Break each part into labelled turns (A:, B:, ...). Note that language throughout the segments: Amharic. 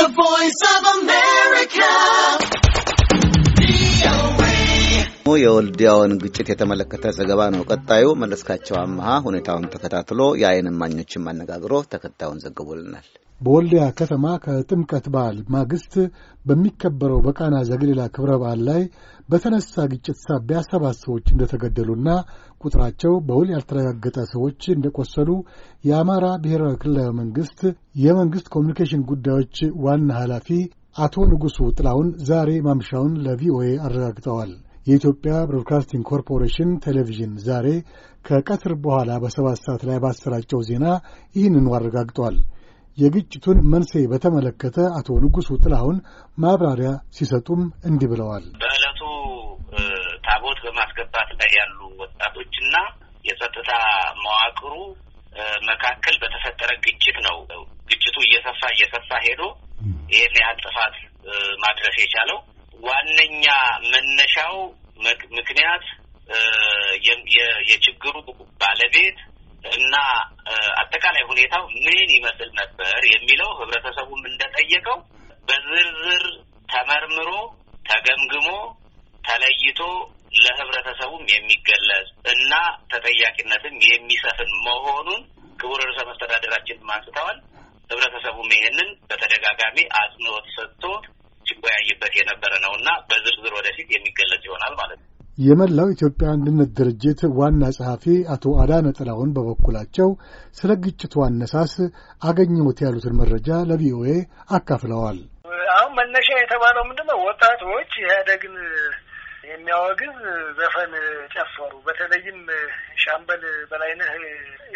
A: The Voice of America.
B: የወልዲያውን ግጭት የተመለከተ ዘገባ ነው ቀጣዩ። መለስካቸው አመሃ ሁኔታውን ተከታትሎ የአይን እማኞችን አነጋግሮ ተከታዩን ዘግቦልናል።
C: በወልዲያ ከተማ ከጥምቀት በዓል ማግስት በሚከበረው በቃና ዘገሊላ ክብረ በዓል ላይ በተነሳ ግጭት ሳቢያ ሰባት ሰዎች እንደተገደሉና ቁጥራቸው በውል ያልተረጋገጠ ሰዎች እንደቆሰሉ የአማራ ብሔራዊ ክልላዊ መንግስት የመንግስት ኮሚኒኬሽን ጉዳዮች ዋና ኃላፊ አቶ ንጉሱ ጥላሁን ዛሬ ማምሻውን ለቪኦኤ አረጋግጠዋል። የኢትዮጵያ ብሮድካስቲንግ ኮርፖሬሽን ቴሌቪዥን ዛሬ ከቀትር በኋላ በሰባት ሰዓት ላይ ባሰራጨው ዜና ይህንኑ አረጋግጧል። የግጭቱን መንስኤ በተመለከተ አቶ ንጉሱ ጥላሁን ማብራሪያ ሲሰጡም እንዲህ ብለዋል።
B: በማስገባት ላይ ያሉ ወጣቶችና የጸጥታ መዋቅሩ መካከል በተፈጠረ ግጭት ነው። ግጭቱ እየሰፋ እየሰፋ ሄዶ ይህን ያህል ጥፋት ማድረስ የቻለው ዋነኛ መነሻው ምክንያት የችግሩ ባለቤት እና አጠቃላይ ሁኔታው ምን ይመስል ነበር የሚለው ህብረተሰቡም እንደጠየቀው በዝርዝር ተመርምሮ ተገምግሞ ተለይቶ ለህብረተሰቡም የሚገለጽ እና ተጠያቂነትም የሚሰፍን መሆኑን ክቡር ርዕሰ መስተዳደራችን አንስተዋል። ህብረተሰቡም ይህንን በተደጋጋሚ አጽንኦት ሰጥቶ ሲወያይበት የነበረ ነው እና በዝርዝር ወደፊት የሚገለጽ ይሆናል ማለት ነው።
C: የመላው ኢትዮጵያ አንድነት ድርጅት ዋና ጸሐፊ አቶ አዳነ ጥላሁን በበኩላቸው ስለ ግጭቱ አነሳስ አገኘሁት ያሉትን መረጃ ለቪኦኤ አካፍለዋል።
A: አሁን መነሻ የተባለው ምንድን ነው? ወጣቶች ኢህአዴግን የሚያወግዝ ዘፈን ጨፈሩ። በተለይም ሻምበል በላይነህ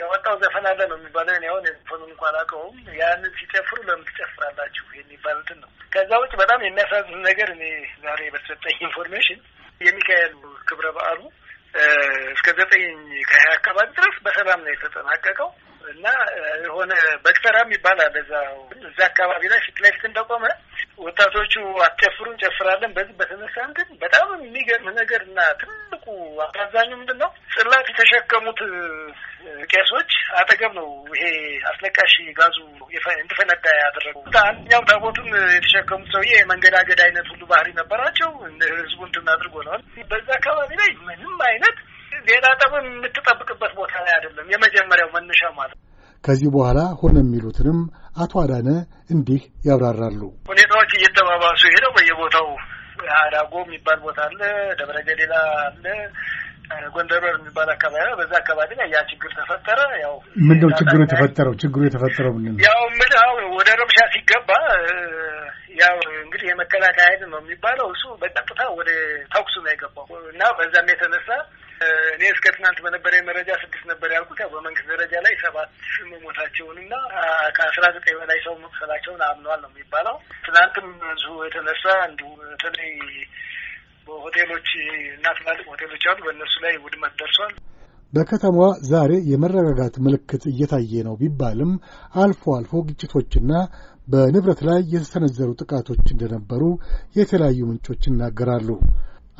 A: የወጣው ዘፈን አለ ነው የሚባለው። እኔ አሁን ዘፈኑን እንኳን አላውቀውም። ያንን ሲጨፍሩ ለምን ትጨፍራላችሁ የሚባሉትን ነው። ከዛ ውጭ በጣም የሚያሳዝን ነገር እኔ ዛሬ በተሰጠኝ ኢንፎርሜሽን የሚካኤል ክብረ በዓሉ እስከ ዘጠኝ ከሀያ አካባቢ ድረስ በሰላም ነው የተጠናቀቀው እና የሆነ በቅጠራ የሚባል አለ እዛ አካባቢ ላይ ፊት ለፊት እንደቆመ ሄዳችሁ አጨፍሩ እንጨፍራለን። በዚህ በተነሳ ግን በጣም የሚገርም ነገር እና ትልቁ አሳዛኙ ምንድን ነው ጽላት የተሸከሙት ቄሶች አጠገብ ነው ይሄ አስለቃሽ ጋዙ እንድፈነዳ ያደረገው። አንደኛው ታቦቱን የተሸከሙት ሰውዬ የመንገዳገድ አይነት ሁሉ ባህሪ ነበራቸው። ህዝቡ እንትን አድርጎ ነው በዛ አካባቢ ላይ ምንም አይነት ሌላ ጠብም የምትጠብቅበት ቦታ ላይ አይደለም። የመጀመሪያው መነሻ ማለት
C: ከዚህ በኋላ ሆነ የሚሉትንም አቶ አዳነ እንዲህ ያብራራሉ።
A: ሁኔታዎች እየተባባሱ ሄደው በየቦታው አዳጎ የሚባል ቦታ አለ፣ ደብረ ገሌላ አለ፣ ጎንደር የሚባል አካባቢ በዛ አካባቢ ላይ ያ ችግር ተፈጠረ። ያው ምንድነው ችግሩ የተፈጠረው?
C: ችግሩ የተፈጠረው ምንድነው?
A: ያው ወደ ረብሻ ሲገባ ያው እንግዲህ የመከላከያ ኃይል ነው የሚባለው እሱ በቀጥታ ወደ ተኩሱ ነው የገባው እና በዛም የተነሳ እኔ እስከ ትናንት በነበረ መረጃ ስድስት ነበር ያልኩት። ያው በመንግስት ደረጃ ላይ ሰባት መሞታቸውን እና ከአስራ ዘጠኝ በላይ ሰው መቁሰላቸውን አምነዋል ነው የሚባለው። ትናንትም እዚሁ የተነሳ እንዲሁ በተለይ በሆቴሎች እና ትላልቅ ሆቴሎች አሉ፣ በእነሱ ላይ ውድመት ደርሷል።
C: በከተማዋ ዛሬ የመረጋጋት ምልክት እየታየ ነው ቢባልም አልፎ አልፎ ግጭቶችና በንብረት ላይ የተሰነዘሩ ጥቃቶች እንደነበሩ የተለያዩ ምንጮች ይናገራሉ።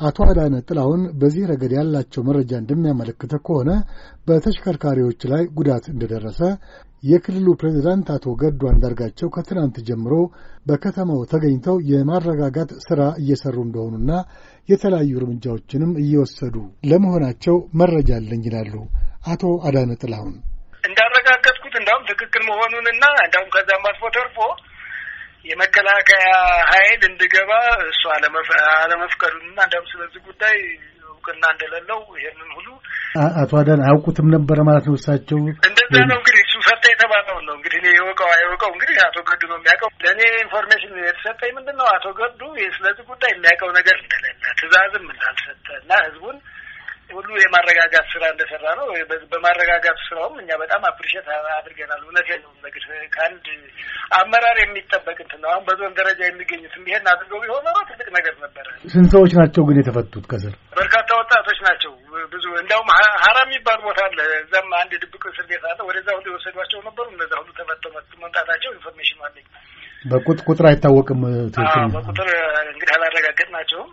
C: አቶ አዳነ ጥላሁን በዚህ ረገድ ያላቸው መረጃ እንደሚያመለክተ ከሆነ በተሽከርካሪዎች ላይ ጉዳት እንደደረሰ የክልሉ ፕሬዚዳንት አቶ ገዱ አንዳርጋቸው ከትናንት ጀምሮ በከተማው ተገኝተው የማረጋጋት ሥራ እየሰሩ እንደሆኑና የተለያዩ እርምጃዎችንም እየወሰዱ ለመሆናቸው መረጃ አለኝ ይላሉ አቶ አዳነ ጥላሁን።
A: እንዳረጋገጥኩት እንዳሁም ትክክል መሆኑንና እንዳሁም ከዛም አልፎ ተርፎ የመከላከያ ኃይል እንድገባ እሱ አለመፍቀዱንና እንዲያውም ስለዚህ ጉዳይ እውቅና እንደሌለው
C: ይህንን ሁሉ አቶ አዳን አያውቁትም ነበረ ማለት ነው። እሳቸው
A: እንደዛ ነው እንግዲህ እሱ ሰጠ የተባለውን ነው እንግዲህ እኔ የወቀው አይወቀው እንግዲህ አቶ ገዱ ነው የሚያውቀው። ለእኔ ኢንፎርሜሽን የተሰጠኝ ምንድን ነው አቶ ገዱ ስለዚህ ጉዳይ የሚያውቀው ነገር እንደሌለ ትእዛዝም እንዳልሰጠ እና ህዝቡን ሁሉ የማረጋጋት ስራ እንደሰራ ነው። በማረጋጋት ስራውም እኛ በጣም አፕሪሼት አድርገናል። እውነት ነው። እንግዲህ ከአንድ አመራር የሚጠበቅ እንትን ነው። አሁን በዞን ደረጃ የሚገኙት ይሄን አድርገው ቢሆን ኖሮ ትልቅ
C: ነገር ነበረ። ስንት ሰዎች ናቸው ግን የተፈቱት? ከስር
A: በርካታ ወጣቶች ናቸው። ብዙ እንዲያውም ሀራ የሚባል ቦታ አለ። እዛም አንድ ድብቅ እስር ቤት አለ። ወደዛ ሁሉ የወሰዷቸው ነበሩ።
C: እነዛ ሁሉ ተፈተው መምጣታቸው ኢንፎርሜሽን አለኝ። በቁጥር አይታወቅም። ትክክል በቁጥር
A: እንግዲህ አላረጋገጥናቸውም።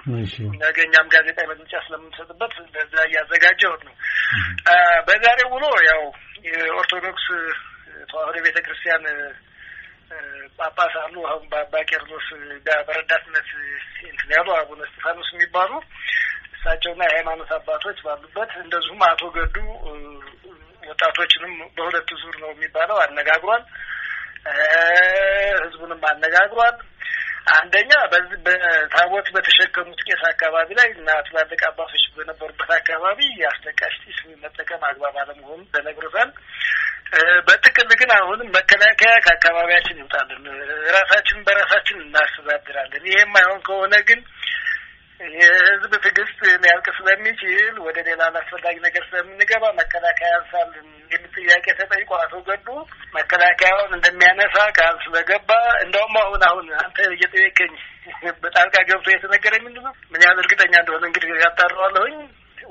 A: ነገ እኛም ጋዜጣ መግለጫ ስለምንሰጥበት በዛ እያዘጋጀሁት ነው። በዛሬ ውሎ ያው የኦርቶዶክስ ተዋህዶ ቤተ ክርስቲያን ጳጳስ አሉ። አሁን በአባ ቄርሎስ በረዳትነት እንትን ያሉ አቡነ እስጢፋኖስ የሚባሉ እሳቸውና የሃይማኖት አባቶች ባሉበት እንደዚሁም አቶ ገዱ ወጣቶችንም በሁለት ዙር ነው የሚባለው አነጋግሯል። ህዝቡንም አነጋግሯል። አንደኛ በታቦት በተሸከሙት ቄስ አካባቢ ላይ እና ትላልቅ አባቶች በነበሩበት አካባቢ የአስለቃሽ ጢስ መጠቀም አግባብ አለመሆኑ ተነግሮታል። በጥቅል ግን አሁንም መከላከያ ከአካባቢያችን ይውጣልን፣ ራሳችን በራሳችን እናስተዳድራለን። ይሄም አይሆን ከሆነ ግን የህዝብ ትዕግስት ሊያልቅ ስለሚችል ወደ ሌላ አላስፈላጊ ነገር ስለምንገባ መከላከያ ያንሳል ጥያቄ ተጠይቆ አቶ ገዱ መከላከያውን እንደሚያነሳ ቃል ስለገባ እንደውም አሁን አሁን አንተ እየጠየቀኝ በጣልቃ ገብቶ የተነገረ ምንድን ነው ምን ያህል እርግጠኛ እንደሆነ እንግዲህ ያጣረዋለሁኝ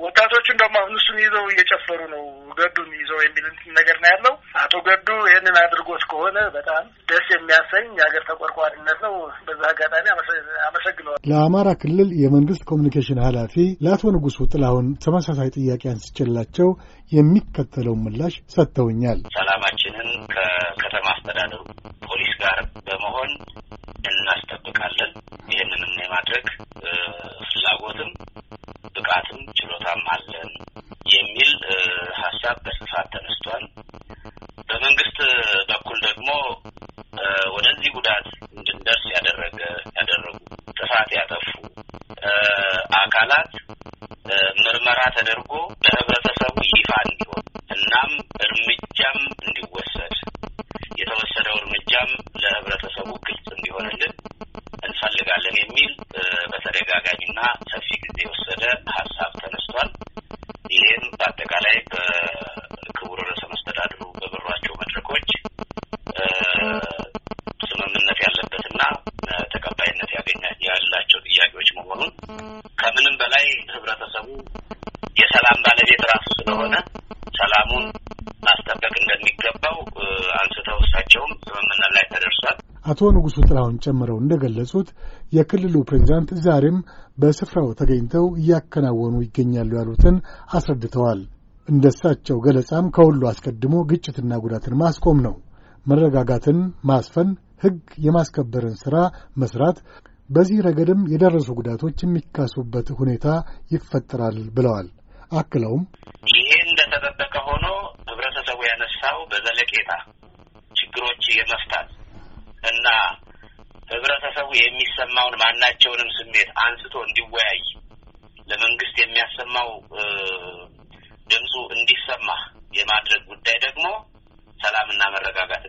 A: ወጣቶቹን ደግሞ አሁን እሱን ይዘው እየጨፈሩ ነው ገዱን ይዘው የሚል ነገር ነው ያለው። አቶ ገዱ ይህንን አድርጎት ከሆነ በጣም ደስ የሚያሰኝ የሀገር ተቆርቋሪነት ነው። በዛ አጋጣሚ
C: አመሰግነዋል። ለአማራ ክልል የመንግስት ኮሚኒኬሽን ኃላፊ ለአቶ ንጉሱ ጥላሁን ተመሳሳይ ጥያቄ አንስቼላቸው የሚከተለውን ምላሽ ሰጥተውኛል።
B: ሰላማችንን ከከተማ አስተዳደሩ ፖሊስ ጋር በመሆን እናስጠብቃለን። ይህንንም የማድረግ ፍላጎትም ብቃትም ስራም አለን የሚል ሀሳብ በስፋት ተነስቷል። በመንግስት በኩል ደግሞ ወደዚህ ጉዳት እንድንደርስ ያደረገ ያደረጉ ጥፋት ያጠፉ አካላት ምርመራ ተደርጎ ለህብረተሰቡ ይፋ እንዲሆን እናም እርምጃም እንዲወሰድ የተወሰደው እርምጃም ለህብረተሰቡ ግልጽ እንዲሆንልን እንፈልጋለን የሚል በተደጋጋሚና ሰፊ ጊዜ የወሰደ
C: አቶ ንጉሡ ጥላሁን ጨምረው እንደገለጹት የክልሉ ፕሬዚዳንት ዛሬም በስፍራው ተገኝተው እያከናወኑ ይገኛሉ ያሉትን አስረድተዋል። እንደ እሳቸው ገለጻም ከሁሉ አስቀድሞ ግጭትና ጉዳትን ማስቆም ነው። መረጋጋትን ማስፈን፣ ሕግ የማስከበርን ሥራ መስራት፣ በዚህ ረገድም የደረሱ ጉዳቶች የሚካሱበት ሁኔታ ይፈጠራል ብለዋል። አክለውም
B: ይህ እንደተጠበቀ ሆኖ ህብረተሰቡ ያነሳው በዘለቄታ ችግሮች የመፍታት እና ህብረተሰቡ የሚሰማውን ማናቸውንም ስሜት አንስቶ እንዲወያይ ለመንግስት የሚያሰማው ድምፁ እንዲሰማ የማድረግ ጉዳይ ደግሞ ሰላምና መረጋጋት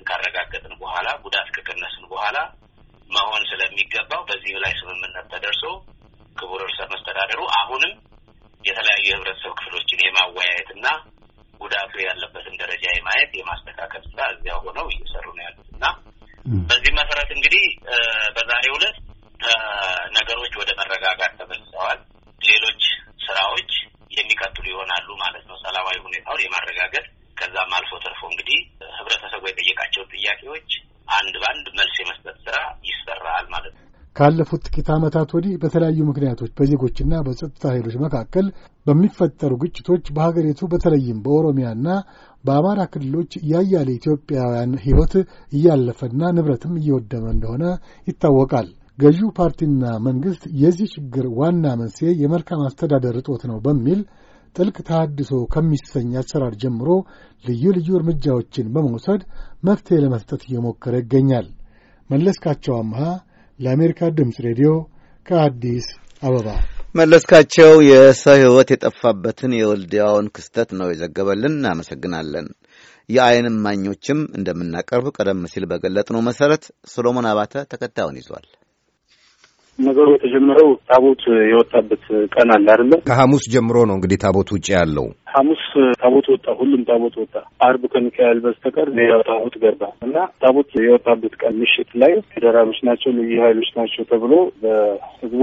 C: ካለፉት ጥቂት ዓመታት ወዲህ በተለያዩ ምክንያቶች በዜጎችና በጸጥታ ኃይሎች መካከል በሚፈጠሩ ግጭቶች በሀገሪቱ በተለይም በኦሮሚያና በአማራ ክልሎች ያያሌ ኢትዮጵያውያን ሕይወት እያለፈና ንብረትም እየወደመ እንደሆነ ይታወቃል። ገዢው ፓርቲና መንግሥት የዚህ ችግር ዋና መንስኤ የመልካም አስተዳደር እጦት ነው በሚል ጥልቅ ተሃድሶ ከሚሰኝ አሰራር ጀምሮ ልዩ ልዩ እርምጃዎችን በመውሰድ መፍትሔ ለመስጠት እየሞከረ ይገኛል። መለስካቸው አምሃ ለአሜሪካ ድምፅ ሬዲዮ ከአዲስ አበባ
B: መለስካቸው የሰው ሕይወት የጠፋበትን የወልዲያውን ክስተት ነው የዘገበልን። እናመሰግናለን። የአይን እማኞችም እንደምናቀርብ ቀደም ሲል በገለጥነው መሠረት ሶሎሞን አባተ ተከታዩን ይዟል።
D: ነገሩ የተጀመረው ታቦት የወጣበት ቀን አለ አይደለ?
E: ከሐሙስ ጀምሮ ነው እንግዲህ ታቦት ውጭ ያለው።
D: ሐሙስ ታቦት ወጣ፣ ሁሉም ታቦት ወጣ። አርብ ከሚካኤል በስተቀር ሌላው ታቦት ገባ እና ታቦት የወጣበት ቀን ምሽት ላይ ፌደራሎች ናቸው ልዩ ኃይሎች ናቸው ተብሎ በህዝቡ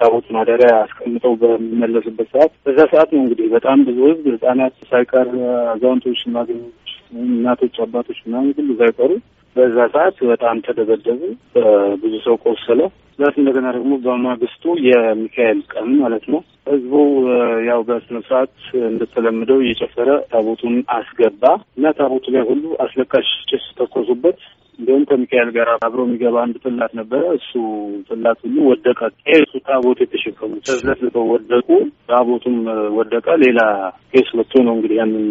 D: ታቦት ማደሪያ አስቀምጠው በሚመለስበት ሰዓት በዛ ሰዓት ነው እንግዲህ በጣም ብዙ ህዝብ ህጻናት ሳይቀር አዛውንቶች፣ ሽማግሌዎች፣ እናቶች፣ አባቶች ምናምን ሁሉ ሳይቀሩ በዛ ሰዓት በጣም ተደበደቡ። ብዙ ሰው ቆሰለ። ዛት እንደገና ደግሞ በማግስቱ የሚካኤል ቀን ማለት ነው። ህዝቡ ያው በስነ ስርዓት እንደተለመደው እየጨፈረ ታቦቱን አስገባ እና ታቦቱ ላይ ሁሉ አስለቃሽ ጭስ ተኮሱበት። እንዲሁም ከሚካኤል ጋር አብሮ የሚገባ አንድ ጥላት ነበረ። እሱ ጥላት ሁሉ ወደቀ። ቄሱ ታቦት የተሸከሙ ተዝለፍልፈው ወደቁ። ታቦቱም ወደቀ። ሌላ ቄስ መጥቶ ነው እንግዲህ ያንን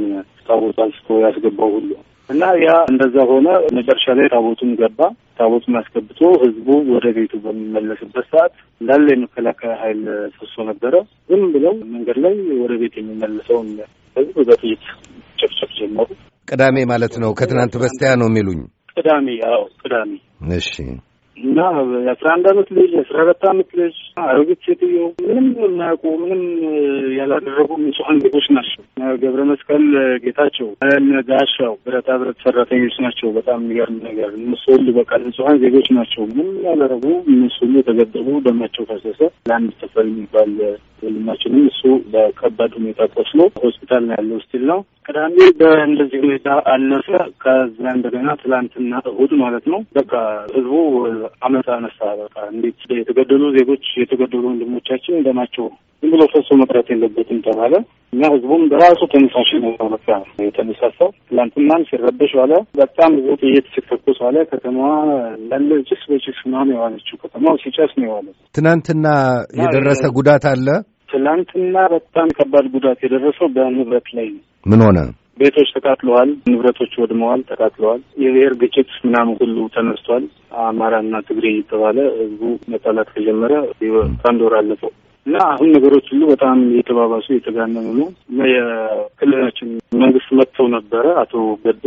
D: ታቦት አንስቶ ያስገባው ሁሉ እና ያ እንደዛ ሆነ። መጨረሻ ላይ ታቦቱም ገባ። ታቦቱን አስገብቶ ህዝቡ ወደ ቤቱ በሚመለስበት ሰዓት እንዳለ የመከላከያ ኃይል ሰሶ ነበረ። ዝም ብለው መንገድ ላይ ወደ ቤት የሚመልሰውን ህዝብ በጥይት ጭፍጭፍ ጀመሩ።
E: ቅዳሜ ማለት ነው። ከትናንት በስቲያ ነው የሚሉኝ።
D: ቅዳሜ። አዎ ቅዳሜ። እሺ እና የአስራ አንድ አመት ልጅ የአስራ አራት አመት ልጅ አሮጊት ሴትዮ ምንም የማያውቁ ምንም ያላደረጉ ንጹሀን ዜጎች ናቸው። ገብረ መስቀል ጌታቸው፣ ነጋሻው ብረታ ብረት ሰራተኞች ናቸው። በጣም የሚገርም ነገር እነሱ ሁሉ በቃ ንጹሀን ዜጎች ናቸው። ምንም ያላደረጉ እነሱ ሁሉ የተገደቡ፣ ደማቸው ፈሰሰ። ለአንድ ተፈል የሚባል ወንድማችንም እሱ በከባድ ሁኔታ ቆስሎ ሆስፒታል ነው ያለው። ስቲል ነው ቅዳሜ በእንደዚህ ሁኔታ አለፈ። ከዚያ እንደገና ትላንትና እሁድ ማለት ነው በቃ ህዝቡ አመት አነሳ። በቃ እንዴት የተገደሉ ዜጎች የተገደሉ ወንድሞቻችን ደማቸው ዝም ብሎ ፈሶ መቅረት የለበትም ተባለ እና ህዝቡም በራሱ ተነሳሽ ማለት የተነሳሳው። ትላንትናም ሲረበሽ ዋለ። በጣም ብዙ ጥይት ሲተኮስ ዋለ። ከተማዋ ለለ ጭስ በጭስ ምናምን የዋለችው ከተማው ሲጨስ ነው የዋለ።
E: ትናንትና የደረሰ ጉዳት አለ።
D: ትላንትና በጣም ከባድ ጉዳት የደረሰው በንብረት ላይ ነው። ምን ሆነ? ቤቶች ተቃጥለዋል። ንብረቶች ወድመዋል፣ ተቃጥለዋል። የብሔር ግጭት ምናምን ሁሉ ተነስቷል። አማራና ትግሬ እየተባለ ህዝቡ መጣላት ከጀመረ ከአንድ ወር አለፈው። እና አሁን ነገሮች ሁሉ በጣም እየተባባሱ እየተጋነኑ ነው እና የክልላችን መንግስት መጥተው ነበረ አቶ ገዱ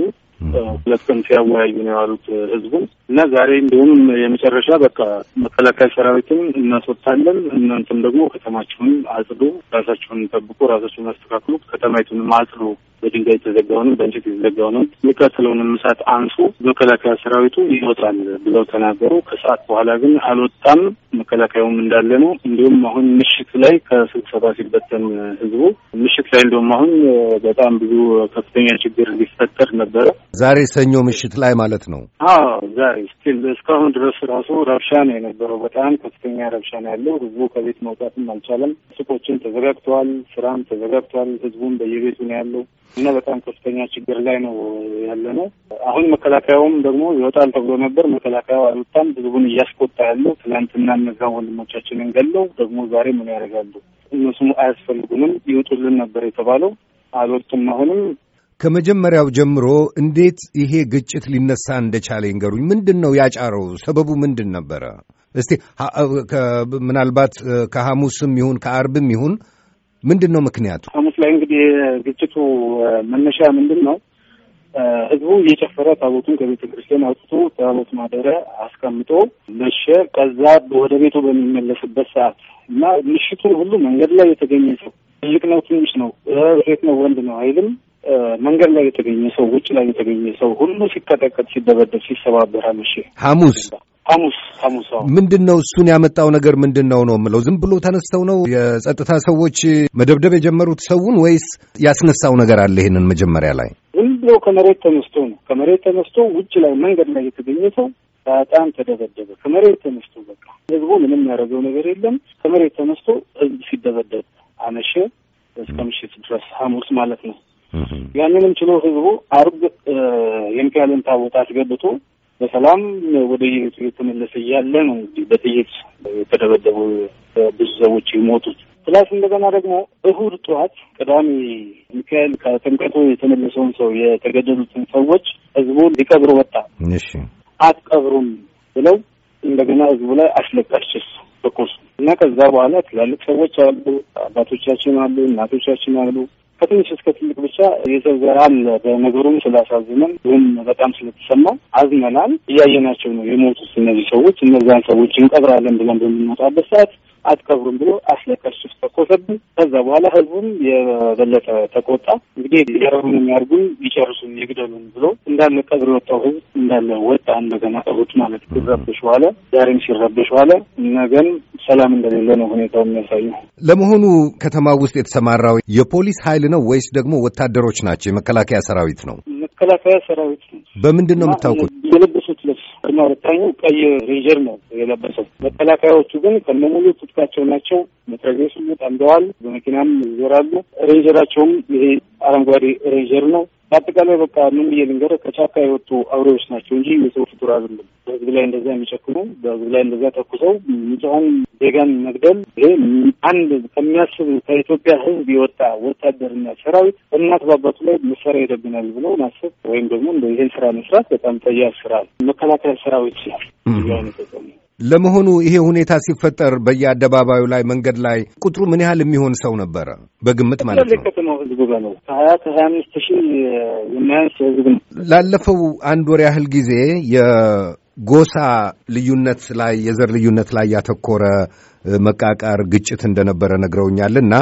D: ሁለት ቀን ሲያወያዩ ነው ያሉት ህዝቡን እና ዛሬ እንዲሁም የመጨረሻ በቃ መከላከያ ሰራዊትን እናስወጣለን፣ እናንተም ደግሞ ከተማችሁን አጽዱ፣ ራሳችሁን ጠብቁ፣ ራሳችሁን አስተካክሉ፣ ከተማይቱንም አጽዱ በድንጋይ የተዘጋውንም በእንጨት የተዘጋውንም የቀሰለውንም እሳት አንሶ መከላከያ ሰራዊቱ ይወጣል ብለው ተናገሩ። ከሰዓት በኋላ ግን አልወጣም። መከላከያውም እንዳለ ነው። እንዲሁም አሁን ምሽት ላይ ከስብሰባ ሲበተን ህዝቡ ምሽት ላይ እንዲሁም አሁን በጣም ብዙ ከፍተኛ ችግር ሊፈጠር ነበረ።
E: ዛሬ ሰኞ ምሽት ላይ ማለት ነው።
D: አዎ ዛሬ ስቲል እስካሁን ድረስ ራሱ ረብሻ ነው የነበረው። በጣም ከፍተኛ ረብሻ ነው ያለው። ህዝቡ ከቤት መውጣትም አልቻለም። ሱቆችን ተዘጋግተዋል። ስራም ተዘጋግተዋል። ህዝቡም በየቤቱ ነው ያለው። እና በጣም ከፍተኛ ችግር ላይ ነው ያለ ነው። አሁን መከላከያውም ደግሞ ይወጣል ተብሎ ነበር። መከላከያው አልወጣም፣ ህዝቡን እያስቆጣ ያለው ትናንትና እነዛ ወንድሞቻችንን ገለው ደግሞ ዛሬ ምን ያደርጋሉ? እነሱም አያስፈልጉንም ይወጡልን ነበር የተባለው አልወጡም። አሁንም
E: ከመጀመሪያው ጀምሮ እንዴት ይሄ ግጭት ሊነሳ እንደቻለ ይንገሩኝ። ምንድን ነው ያጫረው? ሰበቡ ምንድን ነበረ? እስቲ ምናልባት ከሐሙስም ይሁን ከአርብም ይሁን ምንድን ነው ምክንያቱ?
D: ሐሙስ ላይ እንግዲህ ግጭቱ መነሻ ምንድን ነው? ህዝቡ እየጨፈረ ታቦቱን ከቤተ ክርስቲያን አውጥቶ ታቦት ማደሪያ አስቀምጦ መሸ። ከዛ ወደ ቤቱ በሚመለስበት ሰዓት እና ምሽቱን ሁሉ መንገድ ላይ የተገኘ ሰው ትልቅ ነው ትንሽ ነው ሴት ነው ወንድ ነው አይልም። መንገድ ላይ የተገኘ ሰው ውጭ ላይ የተገኘ ሰው ሁሉ ሲቀጠቀጥ፣ ሲደበደብ፣ ሲሰባበር መሸ ሐሙስ ሐሙስ ሐሙስ
E: ምንድን ነው እሱን ያመጣው ነገር ምንድን ነው ነው የምለው። ዝም ብሎ ተነስተው ነው የጸጥታ ሰዎች መደብደብ የጀመሩት ሰውን ወይስ ያስነሳው ነገር አለ? ይህንን መጀመሪያ ላይ
D: ዝም ብሎ ከመሬት ተነስቶ ነው። ከመሬት ተነስቶ ውጭ ላይ መንገድ ላይ የተገኘ ሰው በጣም ተደበደበ። ከመሬት ተነስቶ በቃ ህዝቡ ምንም ያደረገው ነገር የለም። ከመሬት ተነስቶ ህዝብ ሲደበደብ አመሸ እስከ ምሽት ድረስ ሐሙስ ማለት ነው። ያንንም ችሎ ህዝቡ አርብ የሚካኤልን ታቦታት ገብቶ? በሰላም ወደ የቤቱ የተመለሰ እያለ ነው እንግዲህ በጥይት የተደበደቡ ብዙ ሰዎች የሞቱት። ፕላስ እንደገና ደግሞ እሁድ ጠዋት ቅዳሜ ሚካኤል ከጥምቀቱ የተመለሰውን ሰው የተገደሉትን ሰዎች ህዝቡን ሊቀብሩ ወጣ። እሺ አትቀብሩም ብለው እንደገና ህዝቡ ላይ አስለቃሽ ጭስ ተኮሱ እና ከዛ በኋላ ትላልቅ ሰዎች አሉ፣ አባቶቻችን አሉ፣ እናቶቻችን አሉ ከትንሽ እስከ ትልቅ ብቻ የሰው በነገሩም ስላሳዝነን ይህም በጣም ስለተሰማ አዝነናል። እያየናቸው ነው የሞቱት እነዚህ ሰዎች። እነዛን ሰዎች እንቀብራለን ብለን በምንወጣበት ሰዓት አትቀብሩም ብሎ አስለቃሽ ጭስ ተኮሰብን። ከዛ በኋላ ህዝቡም የበለጠ ተቆጣ። እንግዲህ ያረጉን የሚያርጉን ይጨርሱን፣ ይግደሉን ብሎ እንዳለ ቀብር የወጣው ህዝብ እንዳለ ወጣ። እንደገና ቀሩት ማለት ሲረብሽ በኋላ ዛሬም ሲረብሽ በኋላ ነገን ሰላም እንደሌለ ነው ሁኔታው የሚያሳየው።
E: ለመሆኑ ከተማ ውስጥ የተሰማራው የፖሊስ ኃይል ነው ወይስ ደግሞ ወታደሮች ናቸው? የመከላከያ ሰራዊት ነው።
D: መከላከያ ሰራዊት ነው።
E: በምንድን ነው የምታውቁት?
D: የለበሱት ልብስ እና ወታኙ ቀይ ሬንጀር ነው የለበሰው። መከላከያዎቹ ግን ከነሙሉ ትጥቃቸው ናቸው። መትረጌሱ ጠምደዋል። በመኪናም ይዞራሉ። ሬንጀራቸውም ይሄ አረንጓዴ ሬንጀር ነው። በአጠቃላይ በቃ ምን ብዬ ልንገር ከጫካ የወጡ አውሬዎች ናቸው እንጂ የሰው ፍጡር አይደለም። በህዝብ ላይ እንደዚያ የሚጨክኑ በህዝብ ላይ እንደዚያ ተኩሰው ንጹሐን ዜጋን መግደል ይሄ አንድ ከሚያስብ ከኢትዮጵያ ህዝብ የወጣ ወታደርና ሰራዊት እናት ባባቱ ላይ መሳሪያ ሄደብናል ብለው ማሰብ ወይም ደግሞ ይህን ስራ መስራት በጣም ጠያፍ ስራ መከላከያ ሰራዊት ይ አይነት ይላል
E: ለመሆኑ ይሄ ሁኔታ ሲፈጠር በየአደባባዩ ላይ መንገድ ላይ ቁጥሩ ምን ያህል የሚሆን ሰው ነበረ? በግምት ማለት
D: ነው። ህዝቡ ከሀያ ከሀያ አምስት ሺህ ህዝብ ነው።
E: ላለፈው አንድ ወር ያህል ጊዜ የጎሳ ልዩነት ላይ የዘር ልዩነት ላይ ያተኮረ መቃቃር፣ ግጭት እንደነበረ ነግረውኛል እና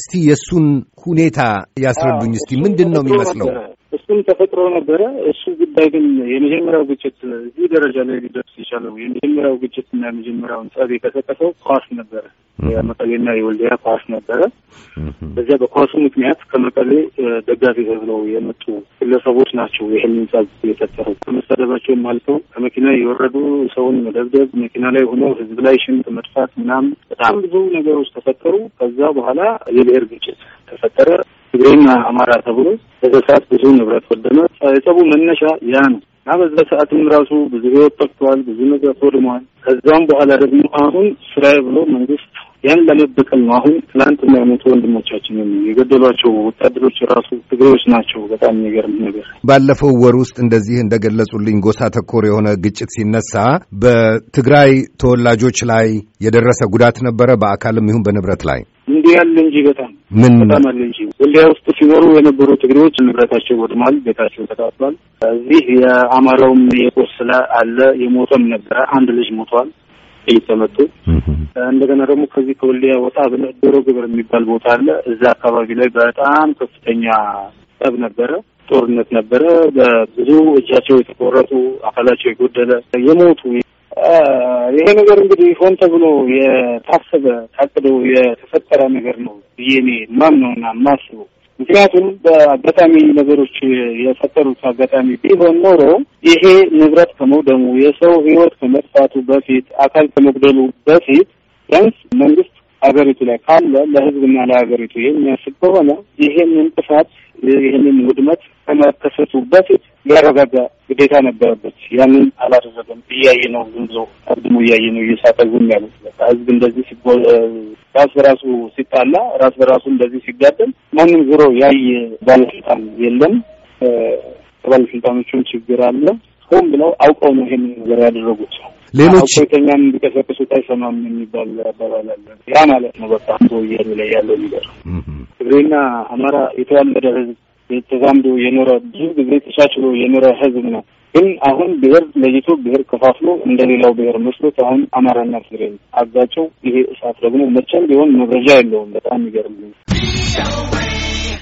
E: እስቲ የእሱን ሁኔታ ያስረዱኝ። እስቲ ምንድን ነው የሚመስለው?
D: እሱም ተፈጥሮ ነበረ። እሱ ጉዳይ ግን የመጀመሪያው ግጭት እዚህ ደረጃ ላይ ሊደርስ የቻለው የመጀመሪያው ግጭት እና የመጀመሪያውን ጸብ የቀሰቀሰው ኳስ ነበረ። የመቀሌና የወልዲያ ኳስ ነበረ። በዚያ በኳሱ ምክንያት ከመቀሌ ደጋፊ ተብለው የመጡ ግለሰቦች ናቸው ይህንን ጸብ የፈጠረው። ከመሳደባቸውም አልፈው ከመኪና የወረዱ ሰውን መደብደብ፣ መኪና ላይ ሆነው ህዝብ ላይ ሽንት መጥፋት ምናምን በጣም ብዙ ነገሮች ተፈጠሩ። ከዛ በኋላ የብሔር ግጭት ተፈጠረ። ትግሬና አማራ ተብሎ በዛ ሰዓት ብዙ ንብረት ወደመ። የጸቡ መነሻ ያ ነው እና በዛ ሰዓትም ራሱ ብዙ ህይወት ጠፍተዋል፣ ብዙ ንብረት ወድመዋል። ከዛም በኋላ ደግሞ አሁን ስራዬ ብሎ መንግስት ያን ለመበቀል ነው። አሁን ትናንትና የሞቱ ወንድሞቻችን የገደሏቸው ወታደሮች ራሱ ትግሬዎች ናቸው። በጣም የሚገርም ነገር
E: ባለፈው ወር ውስጥ እንደዚህ እንደገለጹልኝ ጎሳ ተኮር የሆነ ግጭት ሲነሳ በትግራይ ተወላጆች ላይ የደረሰ ጉዳት ነበረ፣ በአካልም ይሁን በንብረት ላይ
D: እንዲህ ያለ እንጂ በጣም ምን በጣም አለ እንጂ ወልዲያ ውስጥ ሲኖሩ የነበሩ ትግሬዎች ንብረታቸው ወድሟል፣ ቤታቸው ተቃጥሏል። እዚህ የአማራውም የቆሰለ አለ፣ የሞተም ነበረ። አንድ ልጅ ሞቷል። እየተመጡ እንደገና ደግሞ ከዚህ ከወልዲያ ወጣ ዶሮ ግብር የሚባል ቦታ አለ። እዛ አካባቢ ላይ በጣም ከፍተኛ ጠብ ነበረ፣ ጦርነት ነበረ። በብዙ እጃቸው የተቆረጡ አካላቸው የጎደለ የሞቱ ይሄ ነገር እንግዲህ ሆን ተብሎ የታሰበ ታቅዶ የተፈጠረ ነገር ነው ብዬ እኔ ማምነውና ማስበው ምክንያቱም በአጋጣሚ ነገሮች የፈጠሩት አጋጣሚ ቢሆን ኖሮ ይሄ ንብረት ከመውደሙ የሰው ህይወት ከመጥፋቱ በፊት አካል ከመጉደሉ በፊት ቢያንስ መንግስት ሀገሪቱ ላይ ካለ ለህዝብና ለሀገሪቱ የሚያስብ ከሆነ ይሄንን ጥፋት ይህንን ውድመት ከመከሰቱ በፊት ሊያረጋጋ ግዴታ ነበረበት። ያንን አላደረገም። እያየ ነው ዝም ብሎ ቀድሞ እያየ ነው እየሳተ ዝም ያሉት በቃ ህዝብ እንደዚህ ሲ ራስ በራሱ ሲጣላ፣ ራስ በራሱ እንደዚህ ሲጋደል ማንም ዞሮ ያየ ባለስልጣን የለም። ከባለስልጣኖቹም ችግር አለ። ሆን ብለው አውቀው ነው ይሄን ነገር ያደረጉት። ሌሎች አውቆተኛን እንዲቀሰቅሱ አይሰማም የሚባል አባባል አለ። ያ ማለት ነው በጣም ሰውዬ ላይ ያለው ነገር ትግሬና አማራ የተዋለደ ህዝብ ተዛምዶ የኖረ ብዙ ጊዜ ተቻችሎ የኖረ ህዝብ ነው። ግን አሁን ብሔር ለይቶ ብሔር ከፋፍሎ እንደ ሌላው ብሔር መስሎት አሁን አማራና ትግሬን አጋጨው። ይሄ እሳት ደግሞ መቼም ቢሆን መብረጃ የለውም። በጣም ይገርም ነው።